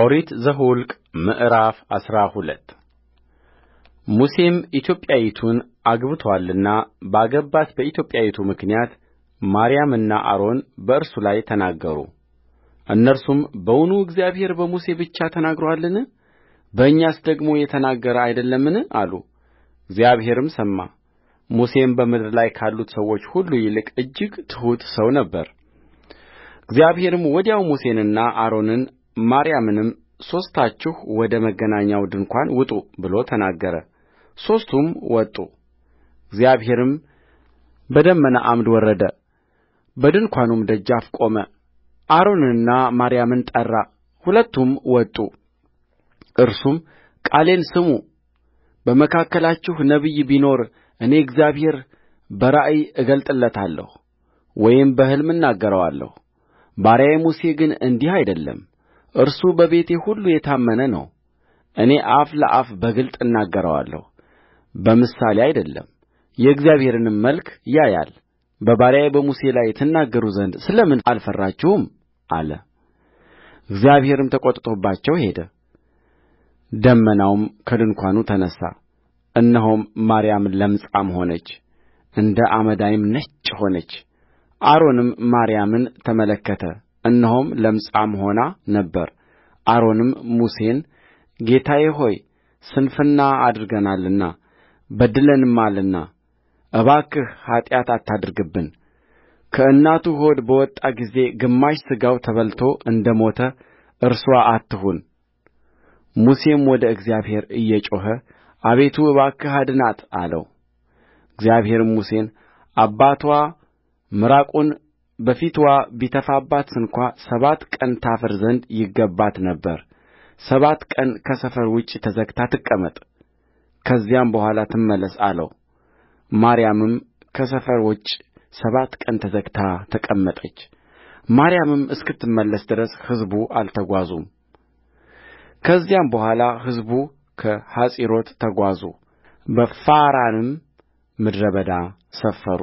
ኦሪት ዘኍልቍ ምዕራፍ አስራ ሁለት ሙሴም ኢትዮጵያይቱን አግብቶአልና ባገባት በኢትዮጵያይቱ ምክንያት ማርያምና አሮን በእርሱ ላይ ተናገሩ እነርሱም በውኑ እግዚአብሔር በሙሴ ብቻ ተናግሮአልን በእኛስ ደግሞ የተናገረ አይደለምን አሉ እግዚአብሔርም ሰማ ሙሴም በምድር ላይ ካሉት ሰዎች ሁሉ ይልቅ እጅግ ትሑት ሰው ነበረ እግዚአብሔርም ወዲያው ሙሴንና አሮንን ማርያምንም ሦስታችሁ ወደ መገናኛው ድንኳን ውጡ ብሎ ተናገረ ሦስቱም ወጡ እግዚአብሔርም በደመና ዓምድ ወረደ በድንኳኑም ደጃፍ ቆመ አሮንንና ማርያምን ጠራ ሁለቱም ወጡ እርሱም ቃሌን ስሙ በመካከላችሁ ነቢይ ቢኖር እኔ እግዚአብሔር በራእይ እገልጥለታለሁ ወይም በሕልም እናገረዋለሁ ባሪያዬ ሙሴ ግን እንዲህ አይደለም እርሱ በቤቴ ሁሉ የታመነ ነው። እኔ አፍ ለአፍ በግልጥ እናገረዋለሁ፣ በምሳሌ አይደለም። የእግዚአብሔርንም መልክ ያያል። በባሪያዬ በሙሴ ላይ ትናገሩ ዘንድ ስለ ምን አልፈራችሁም? አለ። እግዚአብሔርም ተቈጥቶባቸው ሄደ። ደመናውም ከድንኳኑ ተነሣ፣ እነሆም ማርያም ለምጻም ሆነች፣ እንደ አመዳይም ነጭ ሆነች። አሮንም ማርያምን ተመለከተ፣ እነሆም ለምጻም ሆና ነበር! አሮንም ሙሴን ጌታዬ ሆይ ስንፍና አድርገናልና በድለንማልና እባክህ ኃጢአት አታድርግብን ከእናቱ ሆድ በወጣ ጊዜ ግማሽ ሥጋው ተበልቶ እንደ ሞተ እርሷ ሙሴም ወደ እግዚአብሔር እየጮኸ አቤቱ እባክህ አድናት አለው። እግዚአብሔርም ሙሴን አባትዋ ምራቁን በፊትዋ ቢተፋባት ስንኳ ሰባት ቀን ታፍር ዘንድ ይገባት ነበር ሰባት ቀን ከሰፈር ውጭ ተዘግታ ትቀመጥ ከዚያም በኋላ ትመለስ አለው ማርያምም ከሰፈር ውጭ ሰባት ቀን ተዘግታ ተቀመጠች። ማርያምም እስክትመለስ ድረስ ሕዝቡ አልተጓዙም። ከዚያም በኋላ ሕዝቡ ከሐጼሮት ተጓዙ፣ በፋራንም ምድረ በዳ ሰፈሩ።